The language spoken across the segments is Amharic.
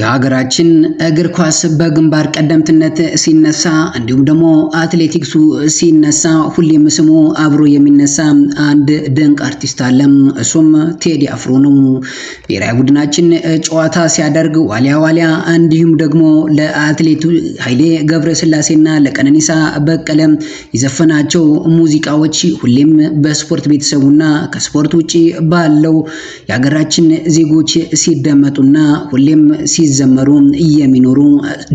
የሀገራችን እግር ኳስ በግንባር ቀደምትነት ሲነሳ እንዲሁም ደግሞ አትሌቲክሱ ሲነሳ ሁሌም ስሙ አብሮ የሚነሳ አንድ ድንቅ አርቲስት አለም እሱም ቴዲ አፍሮ ነው። ብሔራዊ ቡድናችን ጨዋታ ሲያደርግ ዋሊያ ዋሊያ፣ እንዲሁም ደግሞ ለአትሌቱ ኃይሌ ገብረስላሴና ለቀነኒሳ በቀለ የዘፈናቸው ሙዚቃዎች ሁሌም በስፖርት ቤተሰቡና ከስፖርት ውጭ ባለው የሀገራችን ዜጎች ሲደመጡና ሁሌም ሲ ሲዘመሩ የሚኖሩ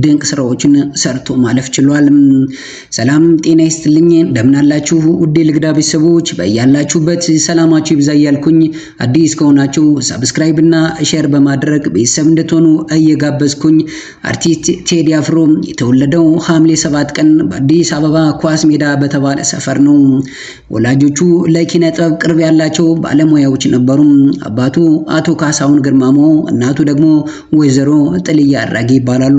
ድንቅ ስራዎችን ሰርቶ ማለፍ ችሏል። ሰላም ጤና ይስጥልኝ፣ እንደምናላችሁ ውዴ ልግዳ ቤተሰቦች በያላችሁበት ሰላማችሁ ይብዛ እያልኩኝ አዲስ ከሆናችሁ ሰብስክራይብ እና ሼር በማድረግ ቤተሰብ እንድትሆኑ እየጋበዝኩኝ አርቲስት ቴዲ አፍሮ የተወለደው ሐምሌ 7 ቀን በአዲስ አበባ ኳስ ሜዳ በተባለ ሰፈር ነው። ወላጆቹ ለኪነ ጥበብ ቅርብ ያላቸው ባለሙያዎች ነበሩ። አባቱ አቶ ካሳሁን ግርማሞ፣ እናቱ ደግሞ ወይዘሮ ጥልዬ አድራጊ ይባላሉ።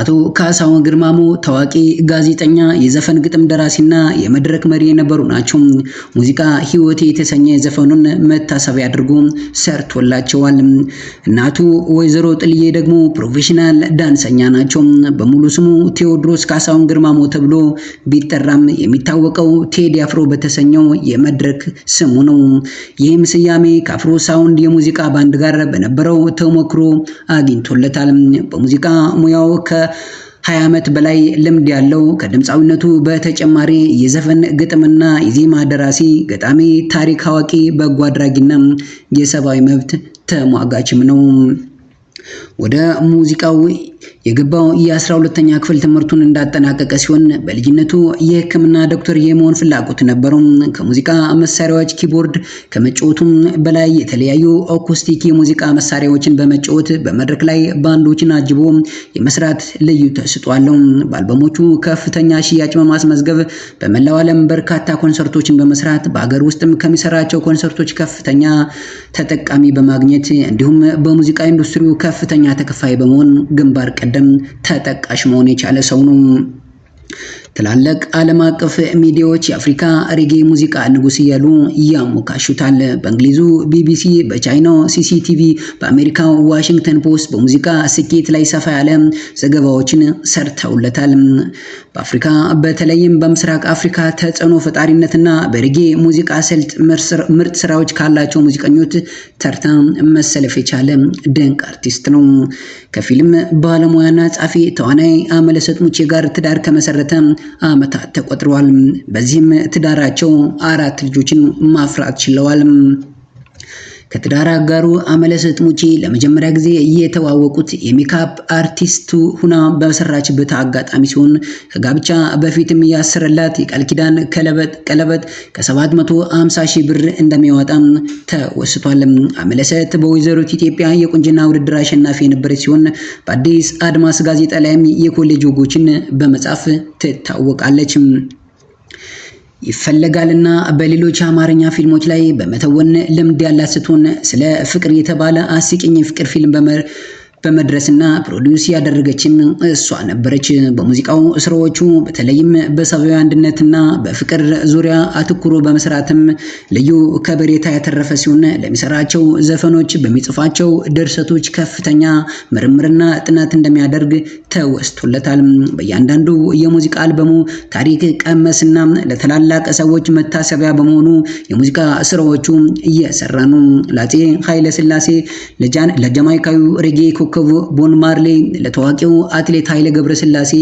አቶ ካሳሁን ግርማሞ ታዋቂ ጋዜጠኛ፣ የዘፈን ግጥም ደራሲና የመድረክ መሪ የነበሩ ናቸው። ሙዚቃ ህይወት የተሰኘ ዘፈኑን መታሰቢያ አድርጎ ሰርቶላቸዋል። እናቱ ወይዘሮ ጥልዬ ደግሞ ፕሮፌሽናል ዳንሰኛ ናቸው። በሙሉ ስሙ ቴዎድሮስ ካሳሁን ግርማሞ ተብሎ ቢጠራም የሚታወቀው ቴዲ አፍሮ በተሰኘው የመድረክ ስሙ ነው። ይህም ስያሜ ከአፍሮ ሳውንድ የሙዚቃ ባንድ ጋር በነበረው ተሞክሮ አግኝቶለታል። በሙዚቃ ሙያው ሙዚቃው ከ20 ዓመት በላይ ልምድ ያለው ከድምፃዊነቱ በተጨማሪ የዘፈን ግጥምና የዜማ ደራሲ፣ ገጣሚ፣ ታሪክ አዋቂ፣ በጎ አድራጊና የሰብአዊ መብት ተሟጋችም ነው። ወደ ሙዚቃው የገባው የ12ኛ ክፍል ትምህርቱን እንዳጠናቀቀ ሲሆን በልጅነቱ የሕክምና ዶክተር የመሆን ፍላጎት ነበረው። ከሙዚቃ መሳሪያዎች ኪቦርድ ከመጫወቱም በላይ የተለያዩ አኩስቲክ የሙዚቃ መሳሪያዎችን በመጫወት በመድረክ ላይ ባንዶችን አጅቦ የመስራት ልዩ ተሰጥኦ አለው። በአልበሞቹ ከፍተኛ ሽያጭ በማስመዝገብ በመላው ዓለም በርካታ ኮንሰርቶችን በመስራት በአገር ውስጥም ከሚሰራቸው ኮንሰርቶች ከፍተኛ ተጠቃሚ በማግኘት እንዲሁም በሙዚቃ ኢንዱስትሪው ከፍተኛ ተከፋይ በመሆን ግንባር ቀደም ተጠቃሽ መሆን የቻለ ሰው ነው። ትላልቅ ዓለም አቀፍ ሚዲያዎች የአፍሪካ ሬጌ ሙዚቃ ንጉስ እያሉ ያሞካሹታል። በእንግሊዙ ቢቢሲ፣ በቻይናው ሲሲቲቪ፣ በአሜሪካው ዋሽንግተን ፖስት በሙዚቃ ስኬት ላይ ሰፋ ያለ ዘገባዎችን ሰርተውለታል። በአፍሪካ በተለይም በምስራቅ አፍሪካ ተጽዕኖ ፈጣሪነትና በሬጌ ሙዚቃ ስልት ምርጥ ስራዎች ካላቸው ሙዚቀኞች ተርታ መሰለፍ የቻለ ድንቅ አርቲስት ነው። ከፊልም ባለሙያና ጻፊ ተዋናይ አምለሰት ሙጬ ጋር ትዳር ከመሰረተ ዓመታት ተቆጥረዋል። በዚህም ትዳራቸው አራት ልጆችን ማፍራት ችለዋል። ከትዳር አጋሩ አመለሰት ሙጪ ለመጀመሪያ ጊዜ የተዋወቁት የሜካፕ አርቲስቱ ሁና በሰራችበት አጋጣሚ ሲሆን ከጋብቻ በፊትም ያስረላት የቃል ኪዳን ቀለበት ቀለበት ከ750 ሺህ ብር እንደሚያወጣም ተወስቷል። አመለሰት በወይዘሮት ኢትዮጵያ የቁንጅና ውድድር አሸናፊ የነበረች ሲሆን በአዲስ አድማስ ጋዜጣ ላይም የኮሌጅ ወጎችን በመጻፍ ትታወቃለች። ይፈለጋልና በሌሎች አማርኛ ፊልሞች ላይ በመተወን ልምድ ያላት ስትሆን ስለ ፍቅር የተባለ አስቂኝ ፍቅር ፊልም በመድረስና ፕሮዲውስ ያደረገችን እሷ ነበረች። በሙዚቃው ስራዎቹ በተለይም በሰብአዊ አንድነትና በፍቅር ዙሪያ አትኩሮ በመስራትም ልዩ ከበሬታ ያተረፈ ሲሆን ለሚሰራቸው ዘፈኖች፣ በሚጽፋቸው ድርሰቶች ከፍተኛ ምርምርና ጥናት እንደሚያደርግ ተወስቶለታል። በእያንዳንዱ የሙዚቃ አልበሙ ታሪክ ቀመስና ለተላላቀ ሰዎች መታሰቢያ በመሆኑ የሙዚቃ ስራዎቹ እየሰራ ነው። ለአፄ ኃይለስላሴ ለጃማይካዊ ሬጌ ኮከብ ቦን ማርሌ ለታዋቂው አትሌት ኃይለ ገብረስላሴ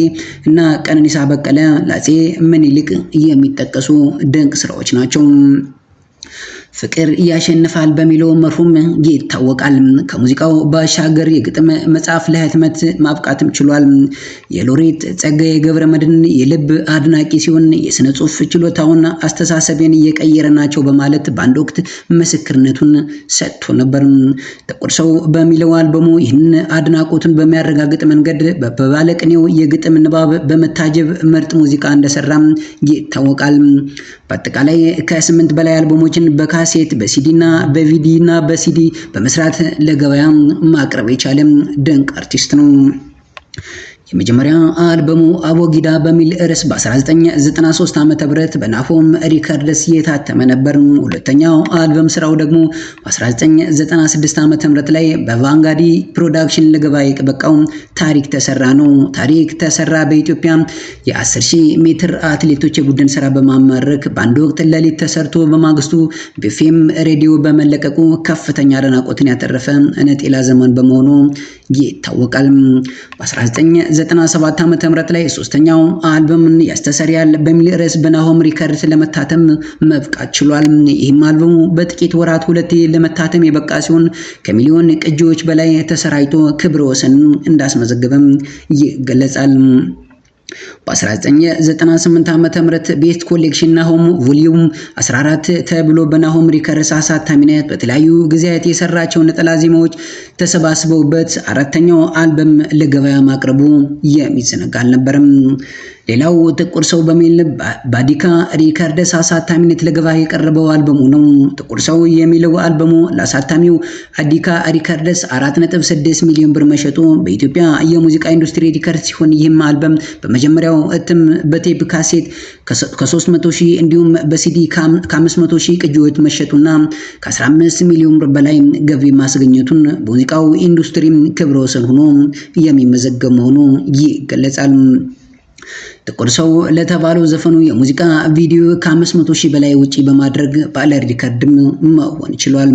እና ቀነኒሳ በቀለ ለአፄ ምኒልክ የሚጠቀሱ ድንቅ ስራዎች ናቸው። ፍቅር ያሸንፋል በሚለው መርሁም ይታወቃል። ከሙዚቃው ባሻገር የግጥም መጽሐፍ ለህትመት ማብቃትም ችሏል። የሎሬት ጸጋዬ ገብረ መድን የልብ አድናቂ ሲሆን የስነ ጽሁፍ ችሎታውን አስተሳሰቤን እየቀየረ ናቸው በማለት በአንድ ወቅት ምስክርነቱን ሰጥቶ ነበር። ጥቁር ሰው በሚለው አልበሙ ይህንን አድናቆቱን በሚያረጋግጥ መንገድ በባለቅኔው የግጥም ንባብ በመታጀብ ምርጥ ሙዚቃ እንደሰራ ይታወቃል። በአጠቃላይ ከስምንት በላይ አልበሞችን በካ ካሴት በሲዲና በቪዲና በሲዲ በመስራት ለገበያ ማቅረብ የቻለም ድንቅ አርቲስት ነው። የመጀመሪያ አልበሙ አቦጊዳ በሚል ርዕስ በ1993 ዓ ም በናፎም ሪከርድስ የታተመ ነበር። ሁለተኛው አልበም ስራው ደግሞ በ1996 ዓ ም ላይ በቫንጋዲ ፕሮዳክሽን ለገባ የበቃው ታሪክ ተሰራ ነው። ታሪክ ተሰራ በኢትዮጵያ የ10,000 ሜትር አትሌቶች የቡድን ስራ በማማረክ በአንድ ወቅት ለሊት ተሰርቶ በማግስቱ በፌም ሬዲዮ በመለቀቁ ከፍተኛ አድናቆትን ያተረፈ ነጤላ ዘመን በመሆኑ ይታወቃል። በ 97 ዓ.ም ላይ ሶስተኛው አልበምን ያስተሰርያል በሚል ርዕስ በናሆም ሪከርድ ለመታተም መብቃት ችሏል። ይህም አልበሙ በጥቂት ወራት ሁለቴ ለመታተም የበቃ ሲሆን ከሚሊዮን ቅጂዎች በላይ ተሰራጭቶ ክብረ ወሰን እንዳስመዘገበም ይገለጻል። በ1998 ዓ.ም ቤስት ኮሌክሽን ናሆም ቮሊዩም 14 ተብሎ በናሆም ሪከርስ አሳታሚነት በተለያዩ ጊዜያት የሰራቸው ነጠላ ዜማዎች ተሰባስበውበት አራተኛው አልበም ለገበያ ማቅረቡ የሚዘነጋ አልነበረም። ሌላው ጥቁር ሰው በሚል ባዲካ ሪካርደስ አሳታሚነት ለገባ የቀረበው አልበሙ ነው። ጥቁር ሰው የሚለው አልበሙ ለአሳታሚው አዲካ ሪካርደስ 4.6 ሚሊዮን ብር መሸጡ በኢትዮጵያ የሙዚቃ ኢንዱስትሪ ሪከርድ ሲሆን ይህም አልበም በመጀመሪያው እትም በቴፕ ካሴት ከ300 ሺህ እንዲሁም በሲዲ ከ500 ሺህ ቅጂዎች መሸጡና ከ15 ሚሊዮን ብር በላይ ገቢ ማስገኘቱን በሙዚቃው ኢንዱስትሪም ክብረ ወሰን ሆኖ የሚመዘገብ መሆኑ ይገለጻል። ጥቁር ሰው ለተባለው ዘፈኑ የሙዚቃ ቪዲዮ ከ500 ሺህ በላይ ውጪ በማድረግ ባለ ሪከርድም መሆን ችሏል።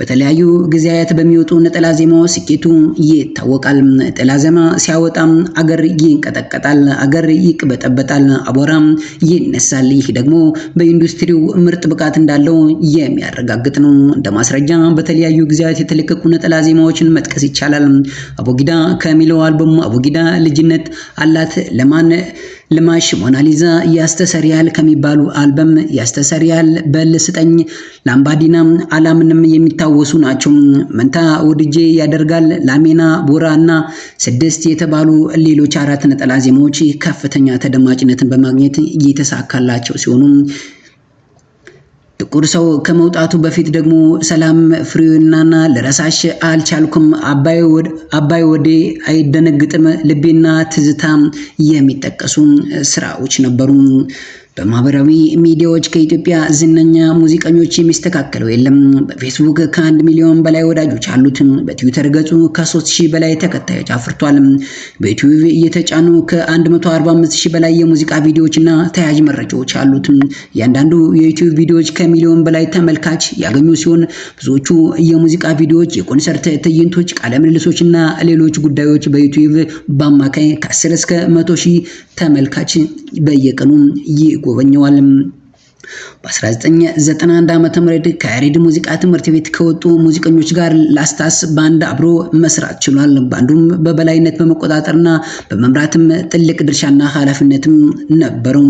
በተለያዩ ጊዜያት በሚወጡ ነጠላ ዜማው ስኬቱ ይታወቃል። ነጠላ ዜማ ሲያወጣም አገር ይንቀጠቀጣል፣ አገር ይቅበጠበጣል፣ አቧራ ይነሳል። ይህ ደግሞ በኢንዱስትሪው ምርጥ ብቃት እንዳለው የሚያረጋግጥ ነው። እንደ ማስረጃ በተለያዩ ጊዜያት የተለቀቁ ነጠላ ዜማዎችን መጥቀስ ይቻላል። አቦጊዳ ከሚለው አልበሙ አቦጊዳ ልጅነት አላት ለማን ልማሽ ሞናሊዛ፣ ያስተሰሪያል ከሚባሉ አልበም ያስተሰሪያል በል ስጠኝ፣ ላምባዲና፣ አላምንም የሚታወሱ ናቸው። መንታ ወድጄ ያደርጋል፣ ላሜና፣ ቦራ እና ስድስት የተባሉ ሌሎች አራት ነጠላ ዜማዎች ከፍተኛ ተደማጭነትን በማግኘት እየተሳካላቸው ሲሆኑ ጥቁር ሰው ከመውጣቱ በፊት ደግሞ ሰላም ፍሬውናና ልረሳሽ አልቻልኩም አባይ ወዴ አይደነግጥም ልቤና ትዝታ የሚጠቀሱ ስራዎች ነበሩ። በማህበራዊ ሚዲያዎች ከኢትዮጵያ ዝነኛ ሙዚቀኞች የሚስተካከለው የለም። በፌስቡክ ከአንድ ሚሊዮን በላይ ወዳጆች አሉት። በትዊተር ገጹ ከ ሺህ በላይ ተከታዮች አፍርቷል። በዩቲዩብ እየተጫኑ ከ145 ሺህ በላይ የሙዚቃ ቪዲዮዎችና ተያያዥ መረጃዎች አሉት። እያንዳንዱ የዩቲዩብ ቪዲዮዎች ከሚሊዮን በላይ ተመልካች ያገኙ ሲሆን ብዙዎቹ የሙዚቃ ቪዲዮዎች፣ የኮንሰርት ትዕይንቶች፣ ቃለምልልሶች እና ሌሎች ጉዳዮች በዩቲዩብ በአማካይ ከ10 እስከ 100 ሺህ ተመልካች በየቀኑ ይጎበኘዋል። በ1991 ዓ.ም ከያሬድ ሙዚቃ ትምህርት ቤት ከወጡ ሙዚቀኞች ጋር ላስታስ ባንድ አብሮ መስራት ችሏል። ባንዱም በበላይነት በመቆጣጠርና በመምራትም ትልቅ ድርሻና ኃላፊነትም ነበረው።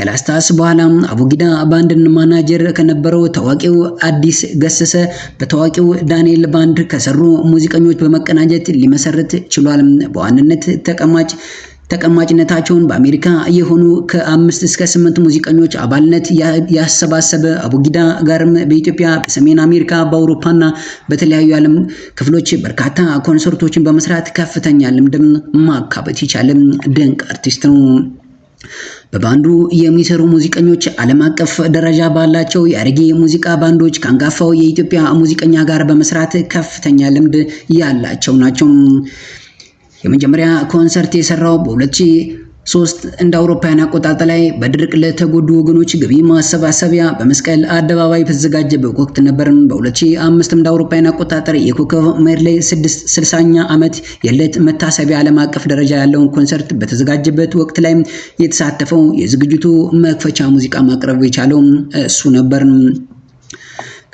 ከላስታስ በኋላ አቡጊዳ ባንድን ማናጀር ከነበረው ታዋቂው አዲስ ገሰሰ በታዋቂው ዳንኤል ባንድ ከሰሩ ሙዚቀኞች በመቀናጀት ሊመሰርት ችሏል። በዋንነት ተቀማጭ ተቀማጭነታቸውን በአሜሪካ የሆኑ ከአምስት እስከ ስምንት ሙዚቀኞች አባልነት ያሰባሰበ አቡጊዳ ጋርም በኢትዮጵያ በሰሜን አሜሪካ በአውሮፓና በተለያዩ ዓለም ክፍሎች በርካታ ኮንሰርቶችን በመስራት ከፍተኛ ልምድም ማካበት የቻለም ድንቅ አርቲስት ነው። በባንዱ የሚሰሩ ሙዚቀኞች ዓለም አቀፍ ደረጃ ባላቸው የአረጌ ሙዚቃ ባንዶች ከአንጋፋው የኢትዮጵያ ሙዚቀኛ ጋር በመስራት ከፍተኛ ልምድ ያላቸው ናቸው። የመጀመሪያ ኮንሰርት የሰራው በ2003 እንደ አውሮፓውያን አቆጣጠር ላይ በድርቅ ለተጎዱ ወገኖች ገቢ ማሰባሰቢያ በመስቀል አደባባይ በተዘጋጀበት ወቅት ነበር። በ2005 እንደ አውሮፓውያን አቆጣጠር የኮከብ መድላይ 60ኛ ዓመት የለት መታሰቢያ ዓለም አቀፍ ደረጃ ያለውን ኮንሰርት በተዘጋጀበት ወቅት ላይ የተሳተፈው የዝግጅቱ መክፈቻ ሙዚቃ ማቅረብ የቻለው እሱ ነበር።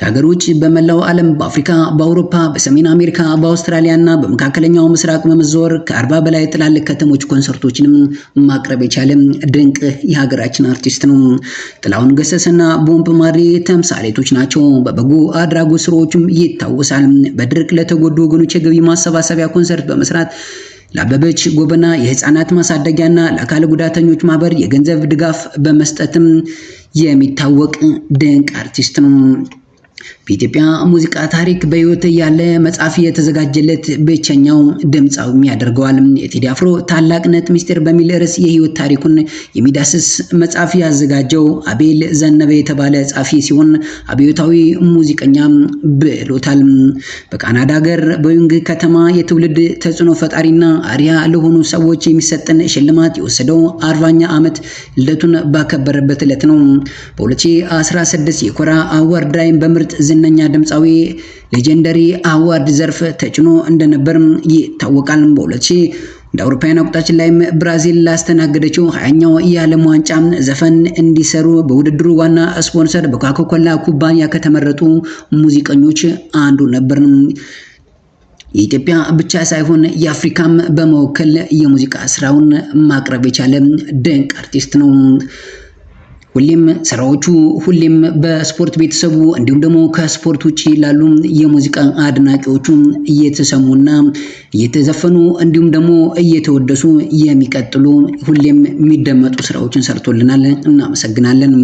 ከሀገር ውጭ በመላው ዓለም በአፍሪካ፣ በአውሮፓ፣ በሰሜን አሜሪካ፣ በአውስትራሊያ እና በመካከለኛው ምስራቅ በመዘወር ከአርባ በላይ ትላልቅ ከተሞች ኮንሰርቶችንም ማቅረብ የቻለ ድንቅ የሀገራችን አርቲስት ነው። ጥላሁን ገሰሰና ቦምብ ማሪ ተምሳሌቶች ናቸው። በበጎ አድራጎት ስራዎችም ይታወሳል። በድርቅ ለተጎዱ ወገኖች የገቢ ማሰባሰቢያ ኮንሰርት በመስራት ለአበበች ጎበና የህፃናት ማሳደጊያና ለአካል ጉዳተኞች ማህበር የገንዘብ ድጋፍ በመስጠትም የሚታወቅ ድንቅ አርቲስት ነው። በኢትዮጵያ ሙዚቃ ታሪክ በሕይወት ያለ መጽሐፍ የተዘጋጀለት ብቸኛው ድምፃዊም ያደርገዋል። የቴዲ አፍሮ ታላቅነት ምስጢር በሚል ርዕስ የሕይወት ታሪኩን የሚዳስስ መጽሐፍ ያዘጋጀው አቤል ዘነበ የተባለ ጻፊ ሲሆን አብዮታዊ ሙዚቀኛ ብሎታል። በካናዳ ሀገር በዩንግ ከተማ የትውልድ ተጽዕኖ ፈጣሪና አሪያ ለሆኑ ሰዎች የሚሰጠን ሽልማት የወሰደው አርባኛ ዓመት ልደቱን ባከበረበት ዕለት ነው። በ2016 የኮራ አዋርድ ላይ በምርጥ ዝነኛ ድምፃዊ ሌጀንደሪ አዋርድ ዘርፍ ተጭኖ እንደነበር ይታወቃል። በሁለት ሺህ እንደ አውሮፓውያን አቆጣችን ላይም ብራዚል ላስተናገደችው ሀያኛው የዓለም ዋንጫ ዘፈን እንዲሰሩ በውድድሩ ዋና ስፖንሰር በኮካኮላ ኩባንያ ከተመረጡ ሙዚቀኞች አንዱ ነበር። የኢትዮጵያ ብቻ ሳይሆን የአፍሪካም በመወከል የሙዚቃ ስራውን ማቅረብ የቻለ ድንቅ አርቲስት ነው። ሁሌም ስራዎቹ ሁሌም በስፖርት ቤተሰቡ እንዲሁም ደግሞ ከስፖርት ውጭ ላሉ የሙዚቃ አድናቂዎቹ እየተሰሙና እየተዘፈኑ እንዲሁም ደግሞ እየተወደሱ የሚቀጥሉ ሁሌም የሚደመጡ ስራዎችን ሰርቶልናል። እናመሰግናለን።